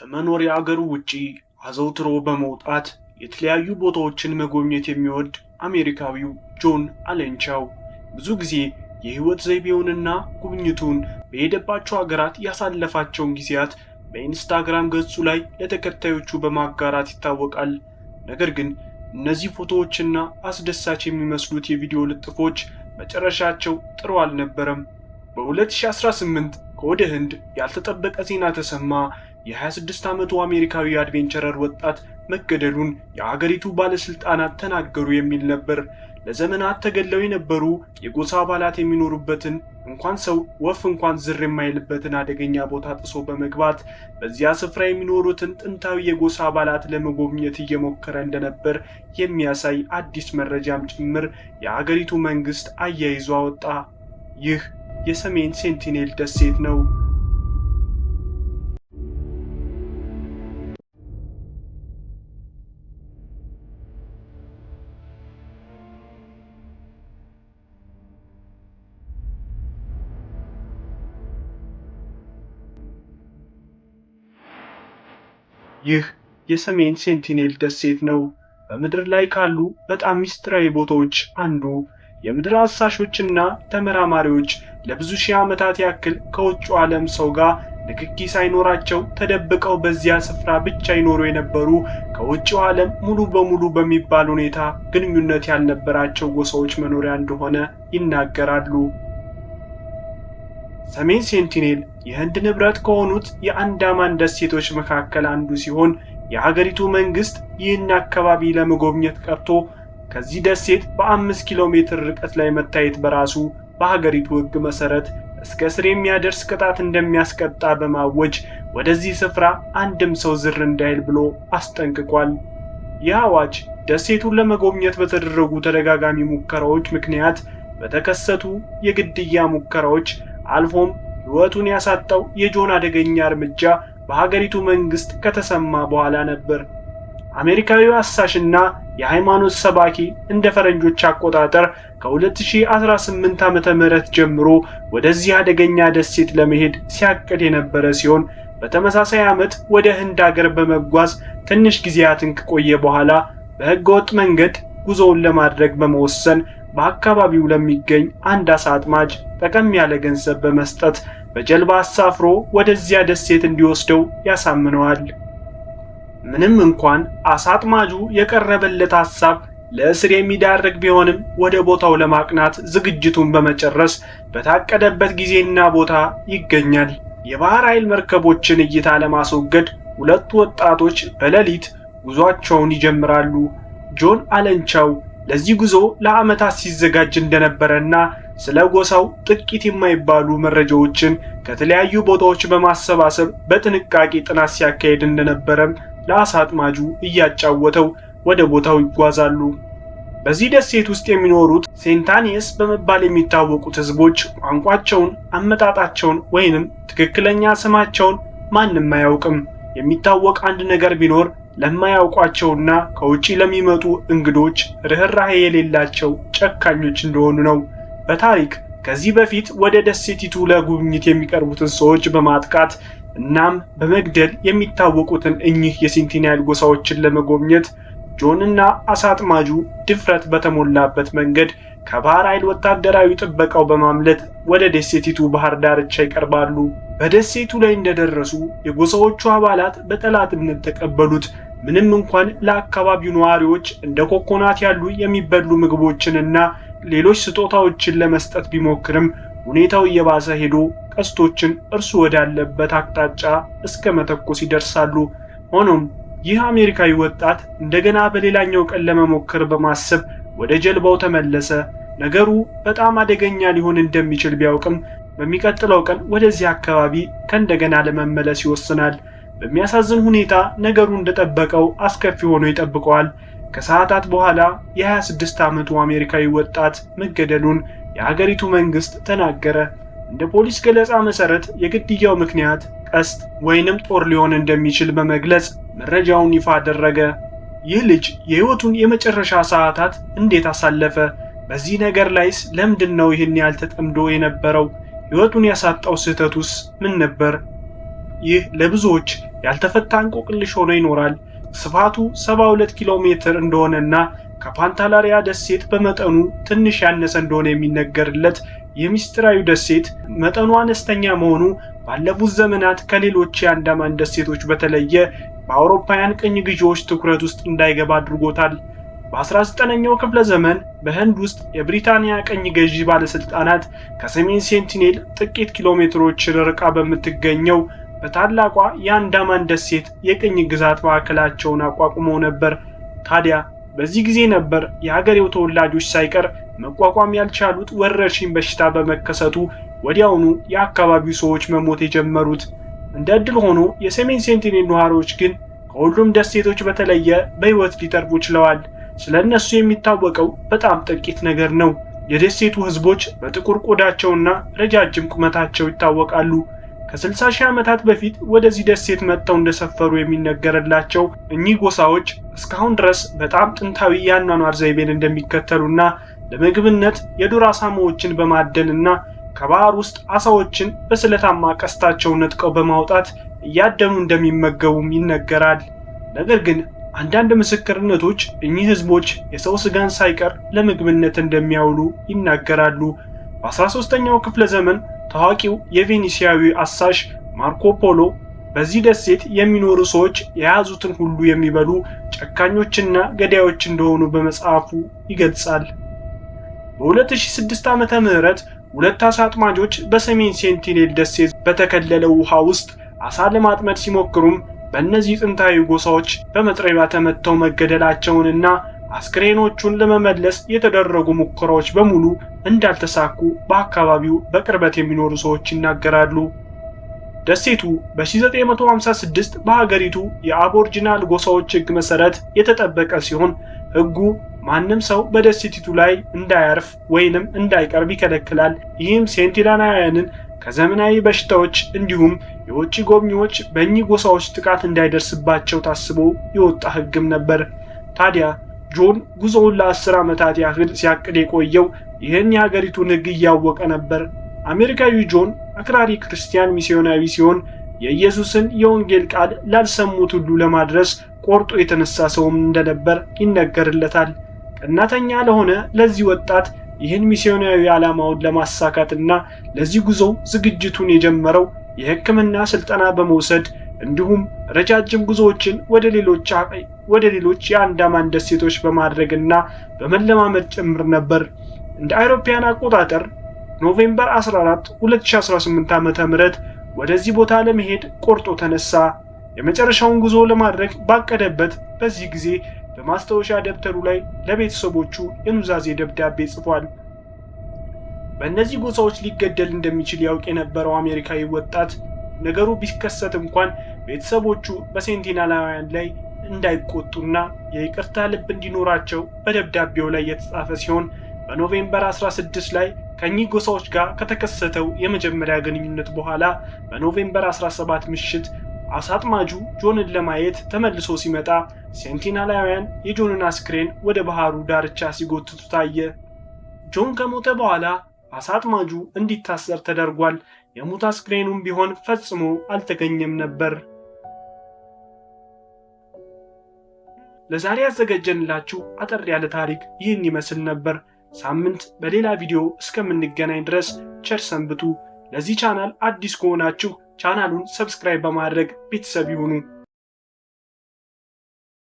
ከመኖሪያ አገሩ ውጪ አዘውትሮ በመውጣት የተለያዩ ቦታዎችን መጎብኘት የሚወድ አሜሪካዊው ጆን አለንቻው ብዙ ጊዜ የህይወት ዘይቤውንና ጉብኝቱን በሄደባቸው ሀገራት ያሳለፋቸውን ጊዜያት በኢንስታግራም ገጹ ላይ ለተከታዮቹ በማጋራት ይታወቃል። ነገር ግን እነዚህ ፎቶዎችና አስደሳች የሚመስሉት የቪዲዮ ልጥፎች መጨረሻቸው ጥሩ አልነበረም። በ2018 ከወደ ህንድ ያልተጠበቀ ዜና ተሰማ። የ26 ዓመቱ አሜሪካዊ አድቬንቸረር ወጣት መገደሉን የአገሪቱ ባለሥልጣናት ተናገሩ የሚል ነበር። ለዘመናት ተገለው የነበሩ የጎሳ አባላት የሚኖሩበትን እንኳን ሰው ወፍ እንኳን ዝር የማይልበትን አደገኛ ቦታ ጥሶ በመግባት በዚያ ስፍራ የሚኖሩትን ጥንታዊ የጎሳ አባላት ለመጎብኘት እየሞከረ እንደነበር የሚያሳይ አዲስ መረጃም ጭምር የአገሪቱ መንግስት አያይዞ አወጣ። ይህ የሰሜን ሴንቲኔል ደሴት ነው። ይህ የሰሜን ሴንቲኔል ደሴት ነው። በምድር ላይ ካሉ በጣም ሚስጥራዊ ቦታዎች አንዱ የምድር አሳሾችና ተመራማሪዎች ለብዙ ሺህ ዓመታት ያክል ከውጭ ዓለም ሰው ጋር ንክኪ ሳይኖራቸው ተደብቀው በዚያ ስፍራ ብቻ ይኖሩ የነበሩ ከውጭው ዓለም ሙሉ በሙሉ በሚባል ሁኔታ ግንኙነት ያልነበራቸው ጎሳዎች መኖሪያ እንደሆነ ይናገራሉ። ሰሜን ሴንቲኔል የህንድ ንብረት ከሆኑት የአንዳማን ደሴቶች መካከል አንዱ ሲሆን የሀገሪቱ መንግስት ይህን አካባቢ ለመጎብኘት ቀርቶ ከዚህ ደሴት በአምስት ኪሎ ሜትር ርቀት ላይ መታየት በራሱ በሀገሪቱ ህግ መሰረት እስከ እስር የሚያደርስ ቅጣት እንደሚያስቀጣ በማወጅ ወደዚህ ስፍራ አንድም ሰው ዝር እንዳይል ብሎ አስጠንቅቋል። ይህ አዋጅ ደሴቱን ለመጎብኘት በተደረጉ ተደጋጋሚ ሙከራዎች ምክንያት በተከሰቱ የግድያ ሙከራዎች አልፎም ሕይወቱን ያሳጣው የጆን አደገኛ እርምጃ በሀገሪቱ መንግስት ከተሰማ በኋላ ነበር። አሜሪካዊው አሳሽና የሃይማኖት ሰባኪ እንደ ፈረንጆች አቆጣጠር ከ2018 ዓ.ም ጀምሮ ወደዚህ አደገኛ ደሴት ለመሄድ ሲያቅድ የነበረ ሲሆን በተመሳሳይ ዓመት ወደ ህንድ አገር በመጓዝ ትንሽ ጊዜያትን ከቆየ በኋላ በህገወጥ ወጥ መንገድ ጉዞውን ለማድረግ በመወሰን በአካባቢው ለሚገኝ አንድ አሳ አጥማጅ ጠቀም ያለ ገንዘብ በመስጠት በጀልባ አሳፍሮ ወደዚያ ደሴት እንዲወስደው ያሳምነዋል። ምንም እንኳን አሳ አጥማጁ የቀረበለት ሐሳብ ለእስር የሚዳርግ ቢሆንም ወደ ቦታው ለማቅናት ዝግጅቱን በመጨረስ በታቀደበት ጊዜና ቦታ ይገኛል። የባህር ኃይል መርከቦችን እይታ ለማስወገድ ሁለቱ ወጣቶች በሌሊት ጉዟቸውን ይጀምራሉ። ጆን አለንቻው ለዚህ ጉዞ ለዓመታት ሲዘጋጅ እንደነበረና ስለ ጎሳው ጥቂት የማይባሉ መረጃዎችን ከተለያዩ ቦታዎች በማሰባሰብ በጥንቃቄ ጥናት ሲያካሄድ እንደነበረም ለአሳ አጥማጁ እያጫወተው ወደ ቦታው ይጓዛሉ። በዚህ ደሴት ውስጥ የሚኖሩት ሴንታኒየስ በመባል የሚታወቁት ህዝቦች ቋንቋቸውን፣ አመጣጣቸውን ወይንም ትክክለኛ ስማቸውን ማንም አያውቅም። የሚታወቅ አንድ ነገር ቢኖር ለማያውቋቸውና ከውጪ ለሚመጡ እንግዶች ርኅራሄ የሌላቸው ጨካኞች እንደሆኑ ነው። በታሪክ ከዚህ በፊት ወደ ደሴቲቱ ለጉብኝት የሚቀርቡትን ሰዎች በማጥቃት እናም በመግደል የሚታወቁትን እኚህ የሴንቲናይል ጎሳዎችን ለመጎብኘት ጆንና አሳ አጥማጁ ድፍረት በተሞላበት መንገድ ከባህር ኃይል ወታደራዊ ጥበቃው በማምለጥ ወደ ደሴቲቱ ባህር ዳርቻ ይቀርባሉ። በደሴቱ ላይ እንደደረሱ የጎሳዎቹ አባላት በጠላትነት ተቀበሉት። ምንም እንኳን ለአካባቢው ነዋሪዎች እንደ ኮኮናት ያሉ የሚበሉ ምግቦችንና ሌሎች ስጦታዎችን ለመስጠት ቢሞክርም ሁኔታው እየባሰ ሄዶ ቀስቶችን እርሱ ወዳለበት አቅጣጫ እስከ መተኮስ ይደርሳሉ። ሆኖም ይህ አሜሪካዊ ወጣት እንደገና በሌላኛው ቀን ለመሞከር በማሰብ ወደ ጀልባው ተመለሰ። ነገሩ በጣም አደገኛ ሊሆን እንደሚችል ቢያውቅም በሚቀጥለው ቀን ወደዚህ አካባቢ ከእንደገና ለመመለስ ይወስናል። በሚያሳዝን ሁኔታ ነገሩ እንደጠበቀው አስከፊ ሆኖ ይጠብቀዋል። ከሰዓታት በኋላ የ26 ዓመቱ አሜሪካዊ ወጣት መገደሉን የሀገሪቱ መንግስት ተናገረ። እንደ ፖሊስ ገለጻ መሰረት የግድያው ምክንያት ቀስት ወይንም ጦር ሊሆን እንደሚችል በመግለጽ መረጃውን ይፋ አደረገ። ይህ ልጅ የህይወቱን የመጨረሻ ሰዓታት እንዴት አሳለፈ? በዚህ ነገር ላይስ ለምንድን ነው ይህን ያህል ተጠምዶ የነበረው? ህይወቱን ያሳጣው ስህተቱስ ምን ነበር? ይህ ለብዙዎች ያልተፈታ እንቆቅልሽ ሆኖ ይኖራል። ስፋቱ 72 ኪሎ ሜትር እንደሆነና ከፓንታላሪያ ደሴት በመጠኑ ትንሽ ያነሰ እንደሆነ የሚነገርለት የሚስጥራዊ ደሴት መጠኑ አነስተኛ መሆኑ ባለፉት ዘመናት ከሌሎች የአንዳማን ደሴቶች በተለየ በአውሮፓውያን ቅኝ ግዢዎች ትኩረት ውስጥ እንዳይገባ አድርጎታል። በ19ኛው ክፍለ ዘመን በህንድ ውስጥ የብሪታንያ ቅኝ ገዢ ባለስልጣናት ከሰሜን ሴንቲኔል ጥቂት ኪሎ ሜትሮች ርቃ በምትገኘው በታላቋ የአንዳማን ደሴት የቅኝ ግዛት ማዕከላቸውን አቋቁመው ነበር። ታዲያ በዚህ ጊዜ ነበር የሀገሬው ተወላጆች ሳይቀር መቋቋም ያልቻሉት ወረርሽኝ በሽታ በመከሰቱ ወዲያውኑ የአካባቢው ሰዎች መሞት የጀመሩት። እንደ እድል ሆኖ የሰሜን ሴንቲኔል ነዋሪዎች ግን ከሁሉም ደሴቶች በተለየ በሕይወት ሊተርፉ ችለዋል። ስለ እነሱ የሚታወቀው በጣም ጥቂት ነገር ነው። የደሴቱ ሕዝቦች በጥቁር ቆዳቸውና ረጃጅም ቁመታቸው ይታወቃሉ። ከ60 ሺህ ዓመታት በፊት ወደዚህ ደሴት መጥተው እንደሰፈሩ የሚነገርላቸው እኚህ ጎሳዎች እስካሁን ድረስ በጣም ጥንታዊ የአኗኗር ዘይቤን እንደሚከተሉና ለምግብነት የዱር አሳማዎችን በማደንና ከባህር ውስጥ አሳዎችን በስለታማ ቀስታቸው ነጥቀው በማውጣት እያደኑ እንደሚመገቡም ይነገራል። ነገር ግን አንዳንድ ምስክርነቶች እኚህ ህዝቦች የሰው ስጋን ሳይቀር ለምግብነት እንደሚያውሉ ይናገራሉ። በ13ኛው ክፍለ ዘመን ታዋቂው የቬኒሲያዊ አሳሽ ማርኮ ፖሎ በዚህ ደሴት የሚኖሩ ሰዎች የያዙትን ሁሉ የሚበሉ ጨካኞችና ገዳዮች እንደሆኑ በመጽሐፉ ይገልጻል። በ2006 ዓመተ ምህረት ሁለት አሳ አጥማጆች በሰሜን ሴንቲኔል ደሴት በተከለለው ውሃ ውስጥ አሳ ለማጥመድ ሲሞክሩም በእነዚህ ጥንታዊ ጎሳዎች በመጥረቢያ ተመትተው መገደላቸውንና አስክሬኖቹን ለመመለስ የተደረጉ ሙከራዎች በሙሉ እንዳልተሳኩ በአካባቢው በቅርበት የሚኖሩ ሰዎች ይናገራሉ። ደሴቱ በ1956 በሀገሪቱ የአቦርጂናል ጎሳዎች ሕግ መሰረት የተጠበቀ ሲሆን ሕጉ ማንም ሰው በደሴቲቱ ላይ እንዳያርፍ ወይንም እንዳይቀርብ ይከለክላል። ይህም ሴንቲላናውያንን ከዘመናዊ በሽታዎች እንዲሁም የውጭ ጎብኚዎች በእኚህ ጎሳዎች ጥቃት እንዳይደርስባቸው ታስቦ የወጣ ሕግም ነበር። ታዲያ ጆን ጉዞውን ለአስር ዓመታት ያህል ሲያቅድ የቆየው ይህን የሀገሪቱን ሕግ እያወቀ ነበር። አሜሪካዊ ጆን አክራሪ ክርስቲያን ሚስዮናዊ ሲሆን የኢየሱስን የወንጌል ቃል ላልሰሙት ሁሉ ለማድረስ ቆርጦ የተነሳ ሰውም እንደነበር ይነገርለታል። ቀናተኛ ለሆነ ለዚህ ወጣት ይህን ሚስዮናዊ ዓላማውን ለማሳካትና ለዚህ ጉዞው ዝግጅቱን የጀመረው የሕክምና ስልጠና በመውሰድ እንዲሁም ረጃጅም ጉዞዎችን ወደ ሌሎች ወደ ሌሎች የአንዳማን ደሴቶች በማድረግና በመለማመድ ጭምር ነበር። እንደ አውሮፓውያን አቆጣጠር ኖቬምበር 14 2018 ዓ.ም ወደዚህ ቦታ ለመሄድ ቆርጦ ተነሳ። የመጨረሻውን ጉዞ ለማድረግ ባቀደበት በዚህ ጊዜ በማስታወሻ ደብተሩ ላይ ለቤተሰቦቹ የኑዛዜ ደብዳቤ ጽፏል። በእነዚህ ጎሳዎች ሊገደል እንደሚችል ያውቅ የነበረው አሜሪካዊ ወጣት ነገሩ ቢከሰት እንኳን ቤተሰቦቹ በሴንቲናላውያን ላይ እንዳይቆጡና የይቅርታ ልብ እንዲኖራቸው በደብዳቤው ላይ የተጻፈ ሲሆን በኖቬምበር 16 ላይ ከእኚህ ጎሳዎች ጋር ከተከሰተው የመጀመሪያ ግንኙነት በኋላ በኖቬምበር 17 ምሽት አሳጥማጁ ጆንን ለማየት ተመልሶ ሲመጣ ሴንቲናላውያን የጆንን አስክሬን ወደ ባህሩ ዳርቻ ሲጎትቱ ታየ። ጆን ከሞተ በኋላ አሳጥማጁ እንዲታሰር ተደርጓል። የሙት አስክሬኑም ቢሆን ፈጽሞ አልተገኘም ነበር። ለዛሬ ያዘጋጀንላችሁ አጠር ያለ ታሪክ ይህን ይመስል ነበር። ሳምንት በሌላ ቪዲዮ እስከምንገናኝ ድረስ ቸር ሰንብቱ። ለዚህ ቻናል አዲስ ከሆናችሁ ቻናሉን ሰብስክራይብ በማድረግ ቤተሰብ ይሁኑ።